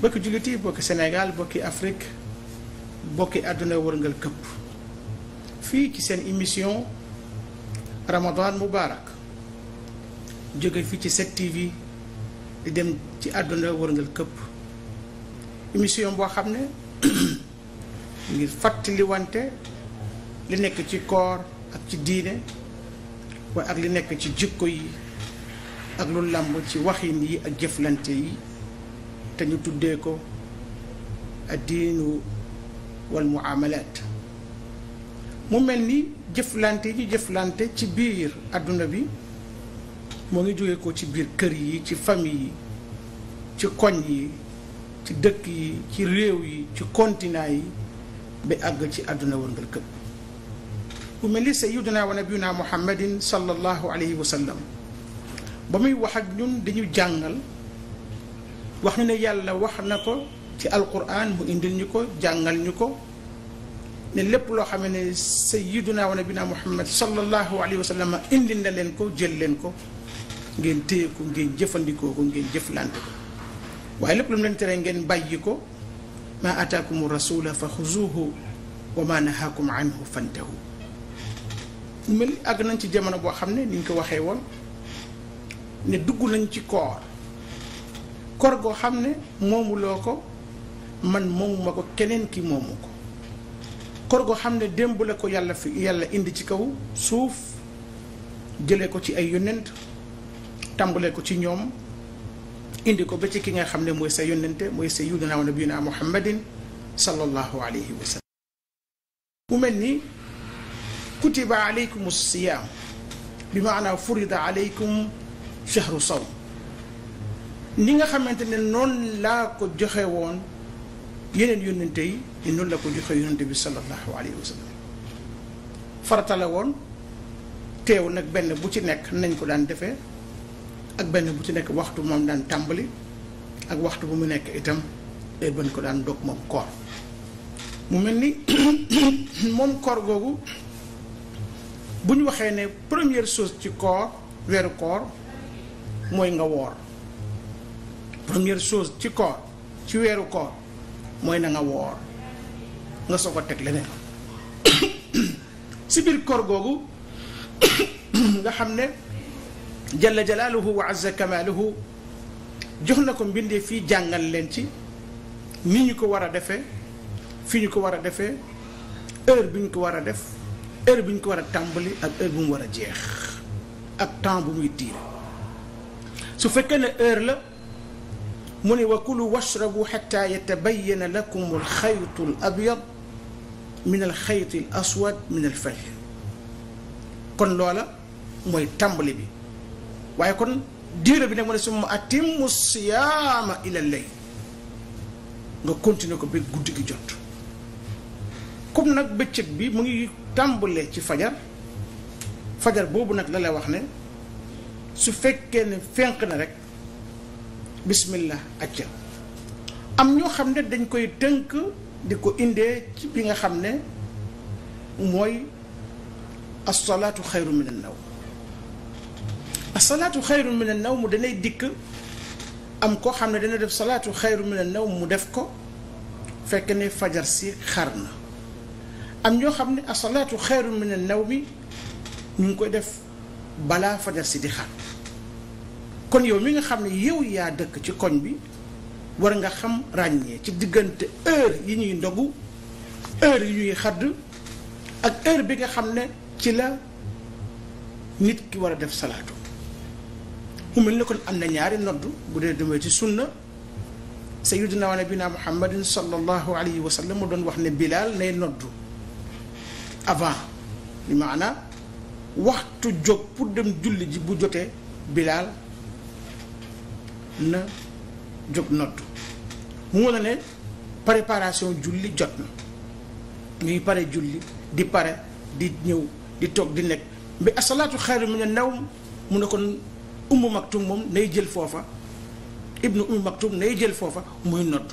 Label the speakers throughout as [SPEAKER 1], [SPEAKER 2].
[SPEAKER 1] bokki jullit yi bokki Sénégal bokki Afrique bokki àdduna wërngal këpp fii ci seen émission Ramadan Moubarak jóge fii ci 7TV di dem ci àdduna wërngal këpp émission boo xam ne ngir fàttaliwante li nekk ci koor ak ci diine waaye ak li nekk ci jikko yi ak lu làmb ci waxin yi ak jëflante yi te ñu tuddee ko addiinu wal muamalaat mu mel ni jëflante yi jëflante ci biir àdduna bi moo ngi jóge ko ci biir kër yi ci famille yi ci koñ yi ci dëkk yi ci réew yi ci kontina yi ba àgg ci àdduna wërngal këpp bu mel ni sayyiduna wa nabiyuna muhammadin sallallahu alayhi wa ba muy wax ak ñun dañu jàngal wax ñu ne yàlla wax na ko ci alquran mu indil ñu ko jàngal ñu ko ne lépp loo xam ne sayyiduna wa nabina muhammad sallallahu alayhi wa sallam indil na leen ko jël leen ko ngeen téye ko ngeen jëfandikoo ko ngeen jëflante ko waaye lépp lu mu leen tere ngeen bàyyi ko ma ataakumu rasula fa xuzuhu wa ma nahaakum anhu fantahu mel àgg nañ ci jamono boo xam ne ni ñu ko waxee woon ne dugg nañ ci koor kor goo xam ne moomuloo ko man moomuma ko keneen ki moomu ko kor goo xam ne démb la ko yàlla fi yàlla indi ci kaw suuf jëlee ko ci ay yónnent tàmbalee ko ci ñoom indi ko ba ci ki nga xam ne mooy sa yónnente mooy sa yuduna wa nabiyuna muhammadin sallallahu alayhi wa sallam mel ni kutiba alaykum siyaam bi maanaa furida alaykum shahru sawm ni nga xamante ne noon laa ko joxe woon yeneen yónnante yi ni noonu la ko joxe yónnante bi sallallahu alayhi wa sallam woon teew nag benn bu ci nekk nañ ko daan defe ak benn bu ci nekk waxtu moom daan tàmbali ak waxtu bu mu nekk itam léer bañ ko daan dog moom koor mu mel ni moom koor googu bu ñu waxee ne première chose ci koor weeru koor mooy nga woor première chose ci koor ci weeru koor mooy na nga woor nga soog a teg leneen si biir koor googu nga xam ne jalla jalaaluhu wa azza kamaaluhu jox na ko mbindee fii jàngal leen ci ni ñu ko war a defee fi ñu ko war a defee heure bi ñu ko war a def heure bi ñu ko war a tàmbali ak heure bu mu war a jeex ak temps bu muy diir su fekkee ne heure la mu ne wa kulu washrabu xata yatabayana lakum alxaytu al abyad min alxayt al aswad min al fajr kon loola mooy tàmbali bi waaye kon diire bi nag mu ne summa atimmu siyaama ila lay nga continuer ko ba guddi gi jot comme nag bëccëg bi mu ngi tàmbalee ci fajar fajar boobu nag la wax ne su fekkee ne fenq na rek bismillah acca am ñoo xam ne dañ koy tënk di ko indee ci bi nga xam ne mooy asalaatu xayru min an naw asalaatu xayru min naw mu danay dikk am koo xam ne dana def salaatu xayru min an naw mu def ko fekk ne fajar si xar na am ñoo xam ne asalaatu xayru min an naw mi ñu ngi koy def balaa fajar si di xar kon yow mi nga xam ne yow yaa dëkk ci koñ bi war nga xam ràññee ci diggante heure yi ñuy ndogu heure yi ñuy xadd ak heure bi nga xam ne ci la nit ki war a def salaatu mu mel ni kon am na ñaari nodd bu dee demee ci sunna sayyidina wa nabina muhammadin sallallahu alayhi wa sallam mu doon wax ne bilaal nay noddu avant li maana waxtu jóg pour dem julli ji bu jotee bilaal na jóg noddu mu wane ne préparation julli jot na ñuy pare julli di pare di ñëw di toog di nekk bi asalaatu xayru mina nawm mu ne ko ummu maktum moom nay jël foofa ibnu ummu maktum nay jël foofa muy nodd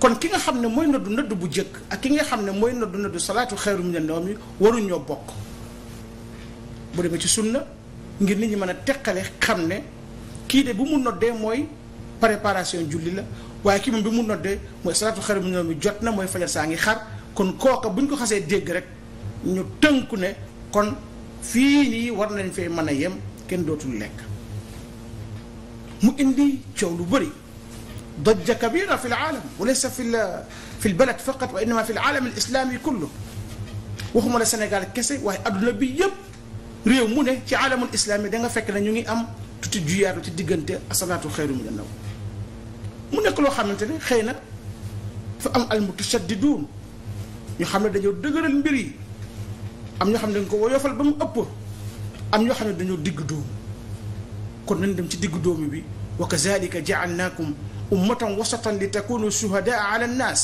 [SPEAKER 1] kon ki nga xam ne mooy nodd nodd bu jëkk ak ki nga xam ne mooy nodd nodd salaatu xayru mina nawm yi waruñoo bokk bu demee ci sunna ngir nit ñi mën a teqale xam ne kii de bu mu noddee mooy préparation julli la waaye kii moom bi mu noddee mooy salatu xar mi ñoom jot na mooy fajar saa ngi xar kon kooka bu ñu ko xasee dégg rek ñu tënku ne kon fii nii war nañ fee mën a yem kenn dootul lekk mu indi coow lu bari dajja kabira fi laalam wa laysa fi fi lbalad faqat wa innama fi laalam alislami kullu waxuma la Sénégal kese waaye adduna bi yëpp réew mu ne ci aalamul islami da nga fekk na ñu ngi am tuuti juyaatu ci diggante asalaatu xayru mina naw mu nekk loo xamante ne xëy na dafa am al mutasaddidun ñu xam ne dañoo dëgëral mbir yi am ñoo xam ne dañ ko woyofal ba mu ëpp am ñoo xam ne dañoo digg dóomu kon nañ dem ci digg dóomu bi wa kazalika jaalnaakum ummatan wasatan li takunu shuhadaa ala nnaas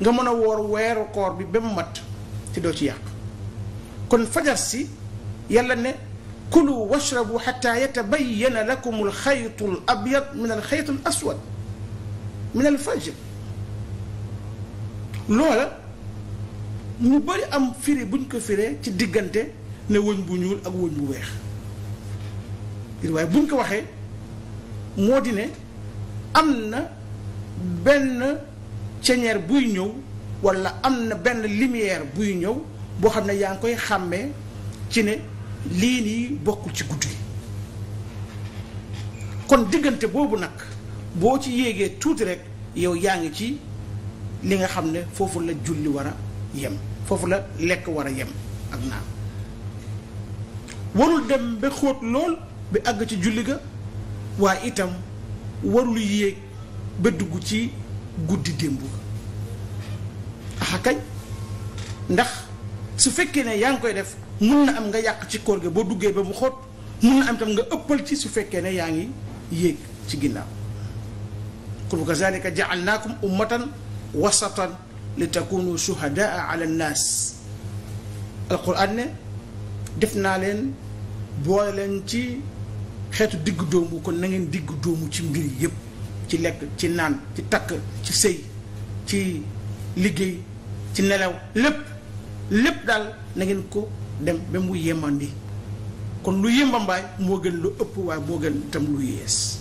[SPEAKER 1] nga mën a woor weeru koor bi ba mu mat te doo ci yàq kon fajar si yàlla ne kulu washrabu xata yatabayana lakum alxaytu al abyad min alxayt al aswad min alfajr loola mu bari am firi buñ ko firee ci diggante ne wëñ bu ñuul ak wëñ bu weex ngir waaye buñ ko waxee moo di ne am na benn ceñeer buy ñëw wala am na benn lumière buy ñëw boo xam ne yaa ngi koy xàmmee ci ne lii nii bokkul ci guddi kon diggante boobu nag boo ci yéegee tuuti rek yow yaa ngi ci li nga xam ne foofu la julli war a yem foofu la lekk war a yem ak naan warul dem ba xóot lool bi àgg ci julli ga waaye itam warul yéeg ba dugg ci guddi démb axakañ ndax su fekkee ne yaa ngi koy def mun na am nga yàq ci koor gi boo duggee ba mu xot mun na am tam nga ëppal ci su fekkee ne yaa ngi yéeg ci ginnaaw qul kazalika ja'alnakum ummatan wasatan li takunu shuhadaa ala nnaas alquran ne def naa leen boole leen ci xeetu diggu doomu kon na ngeen diggu doomu ci mbir yépp ci lekk ci naan ci takk ci sëy ci liggéey ci nelaw lépp lépp daal nangeen ko dem ba mu yemandi kon lu yembambaay moo gën lu ëpp waaye moo gën itam lu yees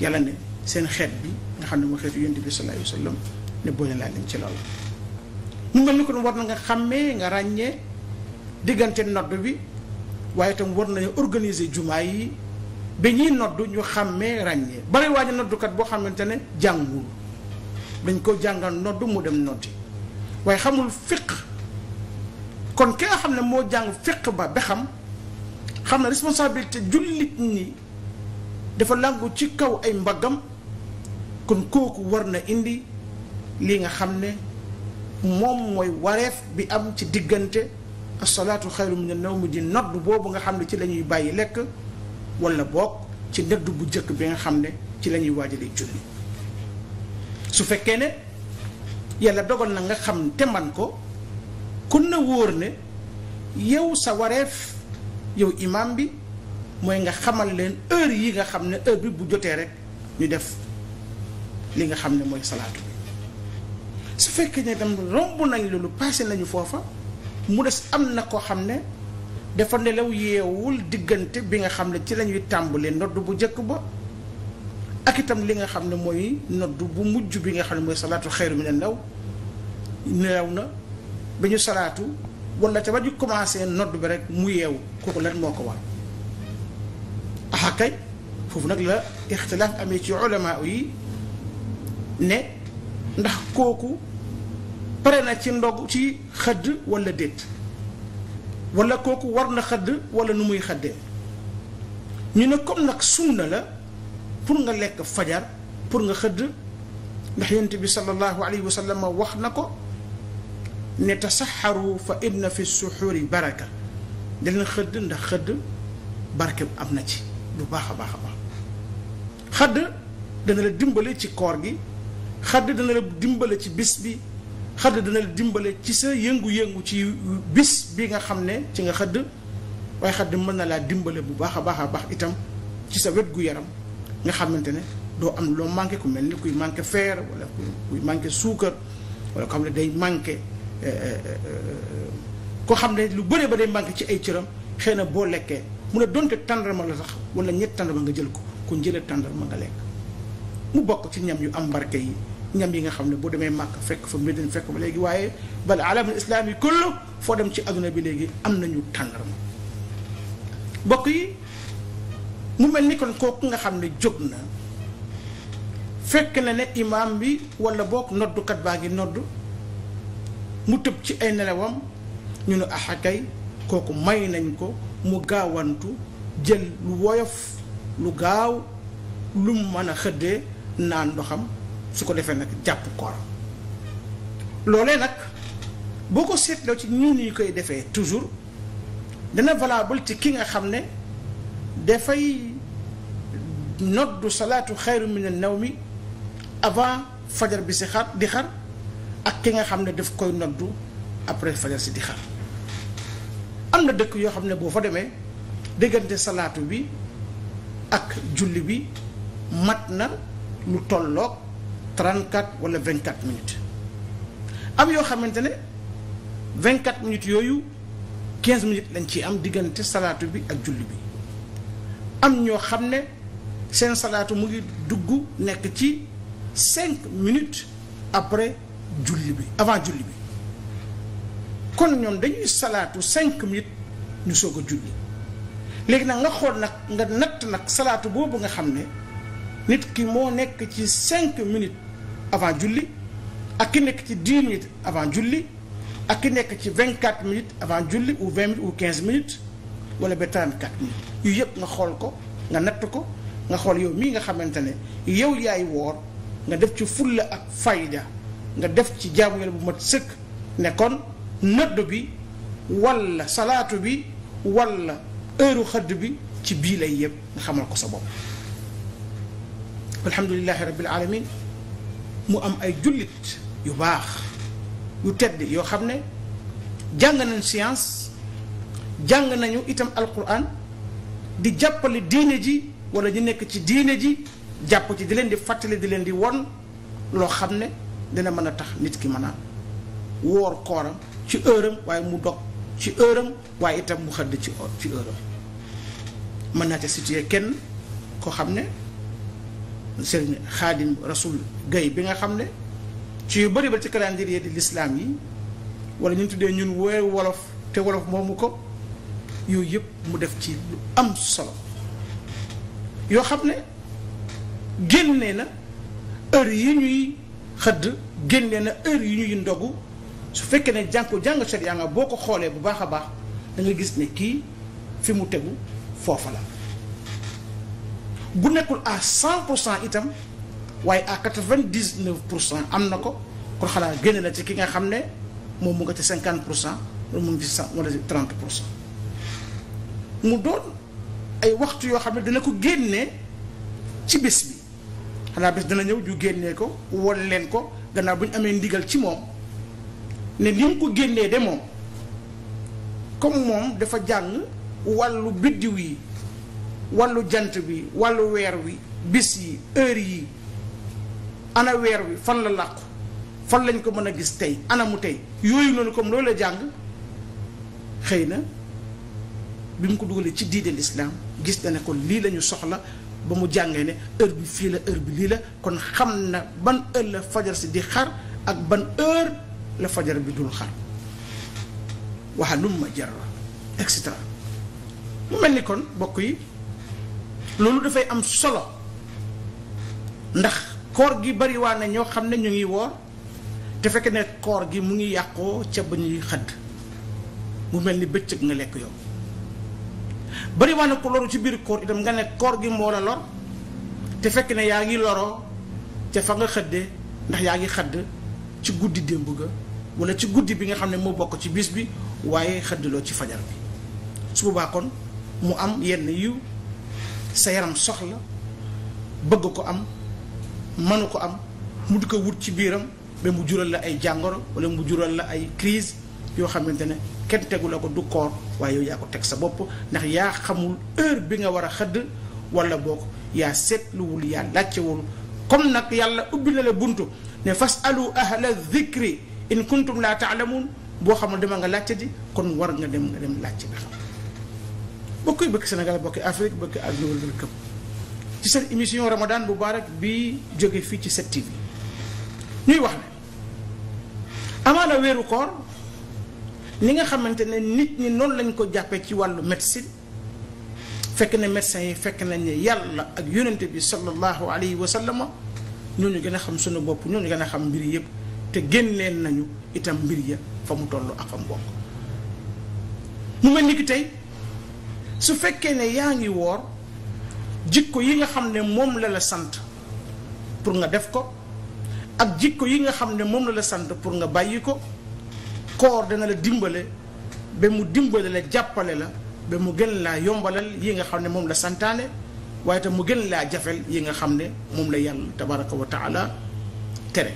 [SPEAKER 1] yàlla ne seen xeet bi nga xam ne moo xeetu yonent bi sallallahu alayhi wa sallam ne boole laa leen ci loolu mu mel ni kon war na nga xàmmee nga ràññee diggante nodd bi waaye itam war nañu organiser jumaa yi ba ñuy nodd ñu xàmmee ràññee bari waa ji noddukat boo xamante ne jàngul dañ ko jàngal nodd mu dem noddi waaye xamul fiq kon ki xam ne moo jàng fiq ba ba xam xam ne responsabilité jullit ñi dafa làngu ci kaw ay mbaggam kon kooku war na indi li nga xam ne moom mooy wareef bi am ci diggante asalaatu xayru min an-nawm di nodd boobu nga xam ne ci lañuy bàyyi lekk wala boog ci ndëdd bu jëkk bi nga xam ne ci lañuy waajale waajalee julli su fekkee ne yàlla dogal na nga xam te man ko kun na wóor ne yow sa wareef yow imam bi mooy nga xamal leen heure yi nga xam ne heure bi bu jotee rek ñu def li nga xam ne mooy salaatu bi su fekkee ne tam romb nañ loolu passé nañu foofa mu des am na koo xam ne dafa nelaw yeewul diggante bi nga xam ne ci lañuy leen nodd bu njëkk ba ak itam li nga xam ne mooy nodd bu mujj bi nga xam ne mooy salaatu xayru ne nawm nelaw na ba ñu salaatu wala te ba ñu commencé nodd bi rek mu yeewu kooku lan moo ko war axa foofu nag la ixtilaaf amee ci ulama yi ne ndax kooku pare na ci ndog ci xëdd wala déet wala kooku war na xëdd wala nu muy xëddee ñu ne comme nag sunna la pour nga lekk fajar pour nga xëdd ndax yonent bi sallallahu alayhi wa sallam wax na ko ne sax xaru fa inna fi suxuri baraka dina xëdd ndax xëdd barke am na ci lu baax a baax a baax dana la dimbale ci koor gi xadd dana la dimbale ci bis bi xëdd dana dimbale ci sa yëngu-yëngu ci bis bi nga xam ne ci nga xëdd waaye xadd mën na laa dimbale bu baax a baax a baax itam ci sa wet gu yaram nga xamante ne doo am loo manqué ku mel ni kuy manqué fer wala kuy manqué suukar wala ko xam ne day manqué Euh, euh, euh, koo xam ne lu bëre ba day manqué ci ay cëram xëy boo lekkee mu ne donte tàndarma la sax wala ñett tàndarma nga jël ko kon jëlee tàndarma nga lekk mu bokk ci ñam yu am mbarke yi ñam yi nga xam ne boo demee màkk fekk fa Medina fekk ba léegi waaye bal alamul islam yi kullu foo dem ci adduna bi léegi am nañu tàndarma bokk yi mu mel ni kon kooku nga xam ne jóg na fekk na ne imaam bi wala bokk noddukat baa ngi nodd mu tëb ci ay nelawam ñu ne axa kay kooku may nañ ko mu gaawantu jël lu woyof lu gaaw lu mu mën a xëddee naan ndoxam su ko defee nag jàpp koor loolee nag boo ko seetloo ci ñun ñu koy defee toujours dana valable ci ki nga xam ne dafay noddu salaatu xayru min an mi avant fajar bi si xar di xar ak ki nga xam ne daf koy noddu après fajar si di xar am na dëkk yoo xam ne boo fa demee diggante salaatu bi ak julli bi mat na lu tolloog 34 wala 24 minutes am yoo xamante ne vingt 24 minutes yooyu quinze minutes lañ ciy am diggante salaatu bi ak julli bi am ñoo xam ne seen salaatu mu ngi dugg nekk ci 5 minutes après. julli bi avant julli bi kon ñoom dañuy salaatu cinq minutes ñu soog julli léegi nag nga xool nag nga natt nag salaatu boobu nga xam ne nit ki moo nekk ci cinq minutes avant julli ak ki nekk ci dix avant julli ak ki nekk ci vingt quatre minutes avant julli ou vingt minutes ou quinze minutes wala ba minutes yu yëpp nga xool ko nga natt ko nga xool yow mii nga xamante ne yow yaay woor nga def ci fulla ak fayda nga def ci jaamu yàlla bu mat sëkk ne kon nëdd bi wala salaatu bi wala heure xëdd bi ci bii lay yëpp nga xamal ko sa bopp alhamdulilahi rabbil alamin mu am ay jullit yu baax yu tedd yoo xam ne jàng nañ science jàng nañu itam alquran di jàppale diine ji wala ñu nekk ci diine ji jàpp ci di leen di fàttali di leen di won loo xam ne dina mën a tax nit ki mën a woor kooram ci heure am waaye mu dog ci heure waaye itam mu xëdd ci ci heure mën naa te situé kenn koo xam ne sëriñ xaadim rasul gay bi nga xam ne ci yu bëri ba ci calendrier di l'islam yi wala ñu tuddee ñun weer wolof te wolof moomu ko yooyu yëpp mu def ci lu am solo yoo xam ne génne na heure yi ñuy xëdd génne na heure yu ñuy ndogu su fekkee ne jàng ko jàng sariya nga boo ko xoolee bu baax a baax da gis ne kii fi mu tegu foofa la bu nekkul a cent pour cent itam waaye à quatre-vingt-dix-neuf pour cent am na ko kon xanaa génne na ci ki nga xam ne moom mu nga ci cinquante pour cent wala mu ngi wala trente pour doon ay waxtu yoo xam ne dina ko génne ci bés xanaa bés dana ñëw ñu génnee ko wol leen ko gannaaw bu ñu amee ndigal ci moom ne ni mu ko génnee de moom comme moom dafa jàng wàllu biddiw yi wallu jant bi wàllu weer wi bis yi heure yi ana weer wi fan la làqu fan lañ ko mën a gis tey ana mu tey yooyu noonu comme loolu la jàng xëy na bi mu ko dugalee ci diine l'islam gis na ko lii lañu soxla ba mu jàngee ne heure bi fii la heure bi lii la kon xam na ban heure la fajar si di xar ak ban heure la fajar bi dul xar waxa lu mu ma jar la et mu mel ni kon bokk yi loolu dafay am solo ndax koor gi bari waa ne ñoo xam ne ñu ngi woor te fekk ne koor gi mu ngi yàqoo ca ba ñuy xadd mu mel ni bëccëg nga lekk yow bari wax na ko loru ci biir koor itam nga ne koor gi moo la lor te fekk ne yaa ngi loro ca fa nga xëdde ndax yaa ngi xadd ci guddi démb ga wala ci guddi bi nga xam ne moo bokk ci biis bi waaye xëdd xëddloo ci fajar bi su boobaa kon mu am yenn yiw sa yaram soxla bëgg ko am mënu ko am mu di ko wut ci biiram ba mu jural la ay jàngoro wala mu jural la ay crise yoo xamante ne kenn tegu ko du koor waaye yow yaa ko teg sa bopp ndax yaa xamul heure bi nga war a xëdd wala ko yaa seetluwul yaa laajtewul comme nag yàlla ubbi na la buntu ne fas alu ahla dhikri in kuntum laa taalamuun boo xamul dama nga laajte di kon war nga dem nga dem laajte nga xam bokk yi bëgg Sénégal bokk Afrique bokk àdduna wala këpp ci seen émission Ramadan Moubarak bi jóge fii ci 7TV ñuy wax ne amaana weeru koor ni nga xamante ne nit ñi noonu lañ ko jàppee ci wàllu médecine fekk na médecins yi fekk nañ ne yàlla ak yonente bi sallallahu alayhi wa sallam ñoo ñu gën a xam sunu bopp ñoo ñu gën a xam mbir yëpp te génneel nañu itam mbir ya fa mu toll ak am bokk mu mel ni ki tey su fekkee ne yaa ngi woor jikko yi nga xam ne moom la la sant pour nga def ko ak jikko yi nga xam ne moom la la sant pour nga bàyyi ko koor dana la dimbale ba mu dimbale la jàppale la ba mu gën laa yombalal yi nga xam ne moom la santaane waaye tam mu gën laa jafel yi nga xam ne moom la yàlla tabaraka wa taala tere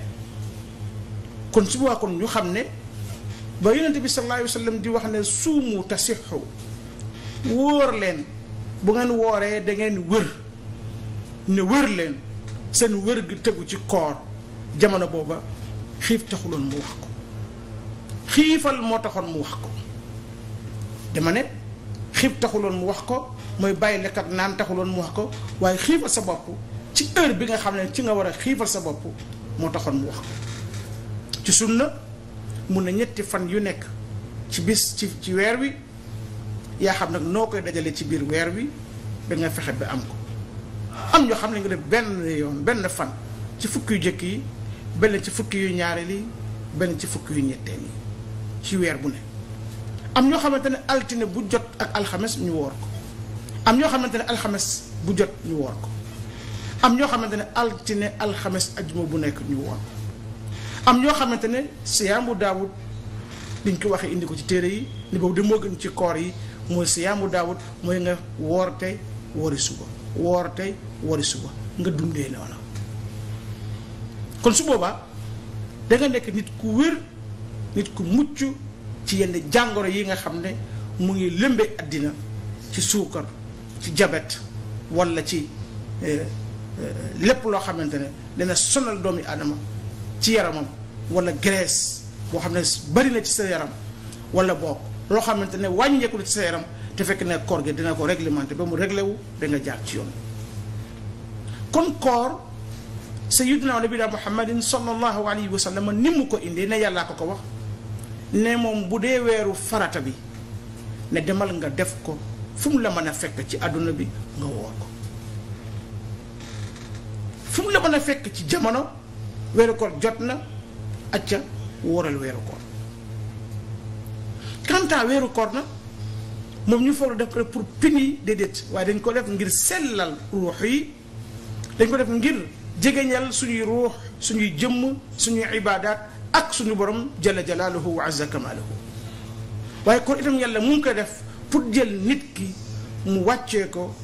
[SPEAKER 1] kon su boobaa kon ñu xam ne ba yonente bi sallallahu alayhi di wax ne suumu tasixu wóor leen bu ngeen wooree da ngeen wër ne wër leen seen wër gi tegu ci koor jamono booba xiif taxuloon mu wax ko xiifal moo taxoon mu wax ko dama ne xiif taxuloon mu wax ko mooy bàyyi lekk ak naan taxuloon mu wax ko waaye xiifal sa bopp ci heure bi nga xam ne ci nga war a xiifal sa bopp moo taxoon mu wax ko ci sunna mun na ñetti fan yu nekk ci bis ci weer wi yaa xam nag noo koy dajale ci biir weer wi ba nga fexe bi am ko am ñoo xam ne nga def benn yoon benn fan ci fukki yu jëkk yi benn ci fukki yu ñaareel yi benn ci fukki yu ñetteel yi ci weer bu ne am ñoo xamante ne altine bu jot ak alxames ñu woor ko am ñoo xamante ne alxames bu jot ñu woor ko am ñoo xamante ne altine alxames ajuma bu nekk ñu woor ko am ñoo xamante ne siyaamu daawut liñ ko waxee indi ko ci téere yi ni boobu de moo gën ci koor yi mooy siyaamu daawut mooy nga woor tey woori suba woor tey woori suba nga dundee noonu kon su boobaa da nekk nit ku wér nit ku mucc ci yenn jàngoro yi nga xam ne mu ngi lëmbe àddina ci suukar ci jabet walla ci eh, eh, lépp loo xamante ne dina sonal doomi aadama ci yaramam walla graisse boo xam ne bari na ci sa yaram walla bokk loo xamante ne wàññeeku na ci sa yaram te fekk ne koor gi dina ko réglementé ba mu réglé wu da nga jaar ci yoon kon koor sayyidina nabina muhammadin sallallahu alayhi wa sallam ni mu ko indee ne yàllaa ko ko wax ne moom bu dee weeru farata bi ne demal nga def ko fu mu la mën a fekk ci àdduna bi nga woor ko fu la mën a fekk ci jamono weeru koor jot na acca wooral weeru koor quant à weeru koor na moom ñu foog def rek pour pini déedéet waaye dañ ko def ngir sellal ruux yi dañ ko def ngir jegeñal suñuy ruux suñuy jëmm suñuy ibaadaat ak suñu borom jalla jalaaluhu wa azza waaye kon itam yàlla mu ngi koy def pour jël nit ki mu wàccee ko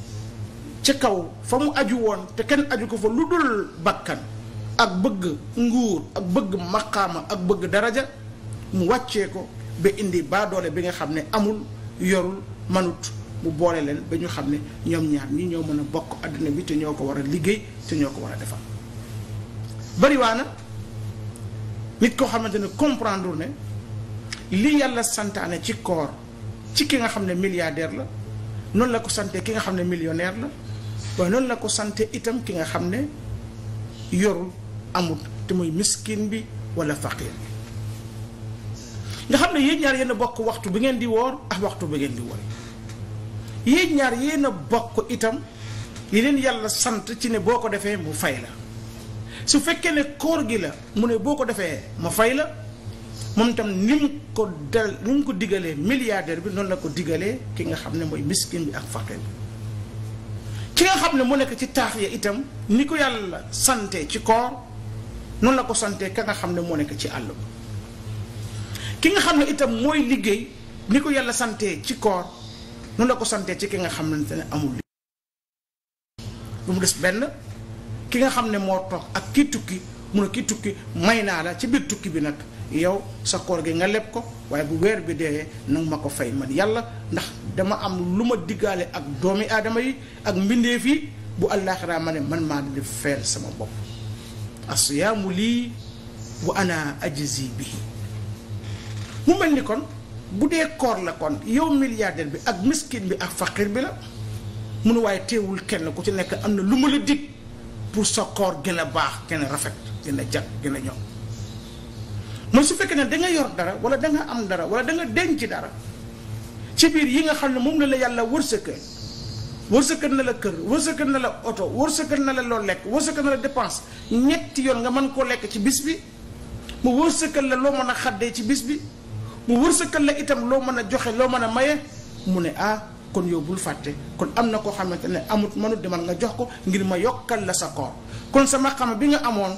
[SPEAKER 1] ci kaw fa mu aju woon te kenn aju ko fa lu dul bakkan ak bëgg nguur ak bëgg maqaama ak bëgg daraja mu wàccee ko ba indi baa doole bi nga xam ne amul yorul manut mu boole leen ba ñu xam ne ñoom ñaar ñi ñoo mën a bokk àddina bi te ñoo ko war a liggéey te ñoo ko war a defal bariwaana nit koo xamante ne comprendre ne li yàlla santaane ci koor ci ki nga xam ne milliardaire la noonu la ko sante ki nga xam ne millionnaire la waaye noonu la ko sante itam ki nga xam ne yorul amut te muy miskin bi wala faqir bi nga xam ne yéen ñaar yéen a bokk waxtu bi ngeen di woor ak waxtu bi ngeen di woor yéen ñaar yéen a bokk itam yeneen yàlla sant ci ne boo ko defee mu fay la su fekkee ne koor gi la mu ne boo ko defee ma fay la moom itam ni mu ko dal ni mu ko digalee milliardaire bi noonu la ko digalee ki nga xam ne mooy miskin bi ak faqir ki xam ne mu nekk ci taax ya itam ni ko yàlla sante ci koor noonu la ko sante ka nga xam ne moo nekk ci àll ki nga xam ne itam mooy liggéey ni ko yàlla sante ci koor noonu la ko sante ci ki nga xam ne amul liggéey bu mu des benn ki nga xam ne moo toog ak kii tukki mu ne kii tukki may naa la ci biir tukki bi nag yow sa koor gi nga leb ko waaye bu weer bi dee nanga ma ko fay man yàlla ndax dama am lu ma diggaale ak doomi aadama yi ak mbindeef yi bu àllaaxiraa ma ne man maa di feel sama bopp asiyaamu lii wa ana ajzi bihi mu mel ni kon bu dee koor la kon yow milliardaire bi ak miskin bi ak fakiir bi la mun waaye teewul kenn ku ci nekk am na lu ma la dig pour sa gën a baax gën a rafet gën a jag gën a ñoom mooy su fekkee ne da nga yor dara wala da nga am dara wala da nga denc dara ci biir yi nga xam ne moom la la yàlla wërsëgal wërsëgal na la kër wërsëgal na la oto wërsëgal na la loo lekk wërsëgal na la dépense ñetti yoon nga man koo lekk ci bis bi mu wërsëgal la loo mën a xaddee ci bis bi mu wërsëgal la itam loo mën a joxe loo mën a maye mu ne ah. kon yow bul fàtte kon am na koo xamante ne amut mënut demal nga jox ko ngir ma yokkal la sa koor kon sama xam bi nga amoon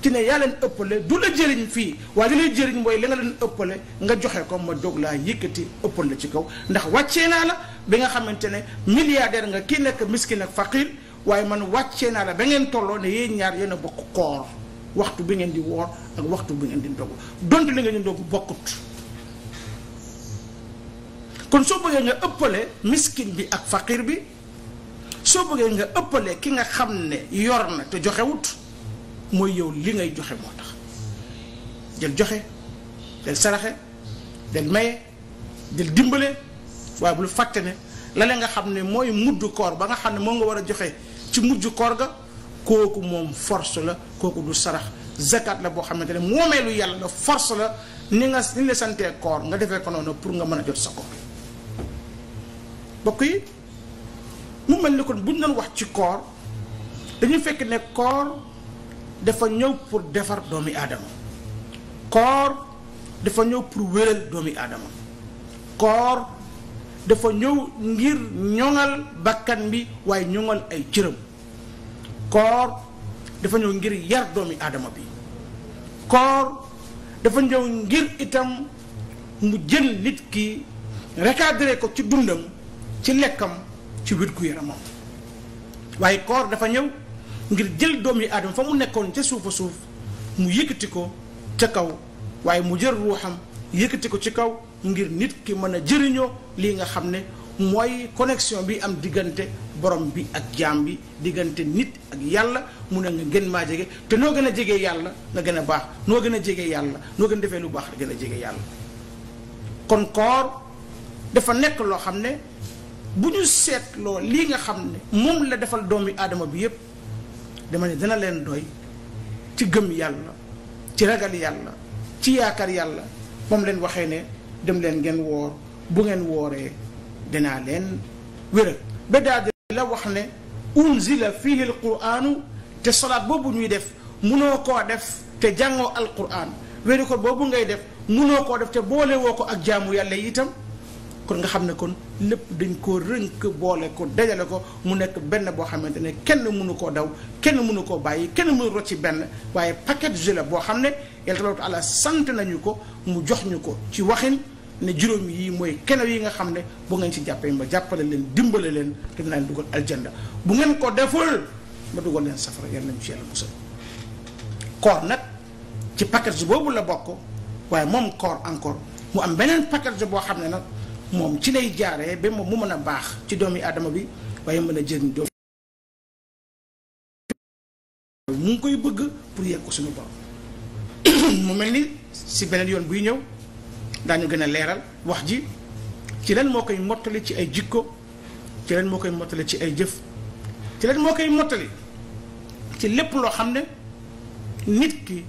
[SPEAKER 1] ci ne yaa leen ëppale du la jëriñ fii waaye li lay jëriñ mooy li nga leen ëppale nga joxe ko ma dog laa yëkkati ëppal la ci kaw ndax wàccee naa la bi nga xamante ne milliardaire nga kii nekk miskin ak faqir waaye man wàccee naa la ba ngeen tolloo ne yéen ñaar yéen a bokk koor waxtu bi ngeen di woor ak waxtu bi ngeen di dogu donte kon soo bëggee nga ëppale miskin bi ak faqir bi soo bëggee nga ëppale ki nga xam ne yor na te joxewut mooy yow li ngay joxe moo tax del joxe del saraxe del maye del dimbale waaye bul fàtte ne la la nga xam ne mooy mujj koor ba nga xam ne moo nga war a joxe ci mujj koor ga kooku moom force la kooku du sarax zakat la boo xamante ne moomeelu yàlla la force la ni nga ni la santee koor nga defee ko noonu pour nga mën a jot sa koor bokk yi mu mel ni kon bu ñu doon wax ci koor dañu fekk ne koor dafa ñëw pour defar doomi aadama koor dafa ñëw pour wéral doomi aadama koor dafa ñëw ngir ñoŋal bakkan bi waaye ñoŋal ay cëram koor dafa ñëw ngir yar doomi aadama bi koor dafa ñëw ngir itam mu jël nit ki recadré ko ci dundam ci lekkam ci wér gu yaramam waaye koor dafa ñëw ngir jël doom yi aadama fa mu nekkoon ca suufa suuf mu yëkkati ko ca kaw waaye mu jël ruuxam yëkkati ko ci kaw ngir nit ki mën a jëriñoo lii nga xam ne mooy connexion bi am diggante borom bi ak jaam bi diggante nit ak yàlla mu ne nga gën maa jege te noo gën a jege yàlla nga gën a baax noo gën a jege yàlla noo gën a defee lu baax nga gën a jege yàlla kon koor dafa nekk loo xam ne bu ñu seetloo lii nga xam ne moom la defal doomi aadama bi yépp dama ne dana leen doy ci gëm yàlla ci ragal yàlla ci yaakaar yàlla moom leen waxee ne dem leen ngeen woor bu ngeen wooree dinaa leen wéral ba daal di la wax ne unzila fihi alquraanu te salaat boobu ñuy def munoo koo def te jàngoo alquraan wéeru ko boobu ngay def munoo koo def te boolewoo ko ak jaamu yàlla itam kon nga xam ne kon lépp dañ ko rënk boole ko dajale ko mu nekk benn boo xamante ne kenn mënu koo daw kenn mënu koo bàyyi kenn mënu rot ci benn waaye paquet jela boo xam ne yàlla tabaaraka wa taala sant nañu ko mu jox ñu ko ci waxin ne juróom yi mooy kenew yi nga xam ne bu ngeen ci jàppee ma jàppale leen dimbale leen te dinaa leen dugal aljanna bu ngeen ko deful ma dugal leen safara yàlla nañu ci yàlla musal koor nag ci paquet boobu la bokk waaye moom koor encore mu am beneen paquet boo xam ne nag moom ci lay jaaree ba moom mu mën a baax ci doomi aadama bi waaye mën a jëriñ doom mu ngi koy bëgg pour yegg ko suñu borom mu mel ni si beneen yoon buy ñëw daañu gën a leeral wax ji ci lan moo koy mottali ci ay jikko ci lan moo koy mottali ci ay jëf ci lan moo koy ci lépp loo xam ne nit ki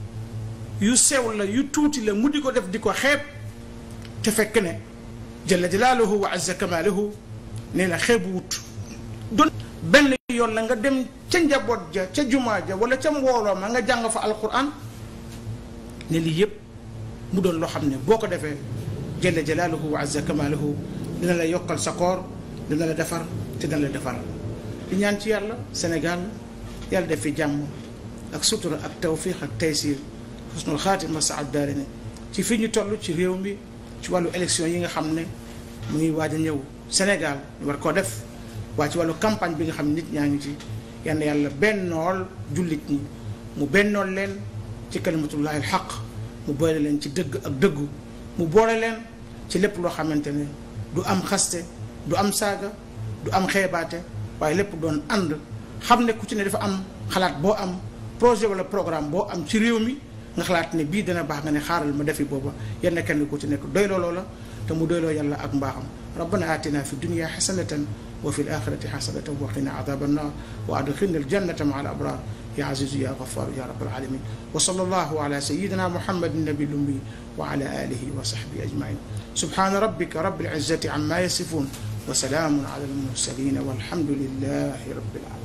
[SPEAKER 1] yu sew la yu tuuti la mu di ko def di ko xeeb te fekk ne jalla jalaaluhu wa azza kamaaluhu nee na xeebu wut don benn yoon la nga dem ca njaboot ja ca jumaa ja wala ca mbooloo ma nga jàng fa alquran ne lii yëpp mu doon loo xam ne boo ko defee jalla jalaaluhu wa azza kamaaluhu dina la yokkal sa koor dina la defar te dina la defar di ñaan ci yàlla senegal yàlla def fi jàmm ak sutura ak tawfiq ak taysiir xusnul xaatima saad daarini ci fi ñu toll ci réew mi ci wàllu élection yi nga xam ne mu ngi waaj a ñëw Sénégal war koo def waaye ci wàllu campagne bi nga xam nit ñaa ngi ci yal na yàlla bennool jullit ñi mu bennool leen ci kalimatullahi alxaq mu boole leen ci dëgg ak dëggu mu boole leen ci lépp loo xamante ne du am xaste du am saaga du am xeebaate waaye lépp doon ànd xam ne ku ci ne dafa am xalaat boo am projet wala programme boo am ci réew mi nga xalaat ne bii dana baax nga ne xaaral ma defi booba yenn kenn ku ci nekk doyloo loola te mu doyloo yàlla ak mbaaxam rabbana atina fi dunya xasanatan wa fi l axirati xasanatan wa qina adaba annar wa adxilna al jannata maa al abrar ya azizu ya gafaru ya rabbal alamin wa sallallahu ala sayidina muhammadin nabi lummi wa ala alihi wa sahbihi ajmain subhana rabbika rabbil izzati amma yasifun wa salaamun ala al mursalin walhamdulillahi rabbil alamin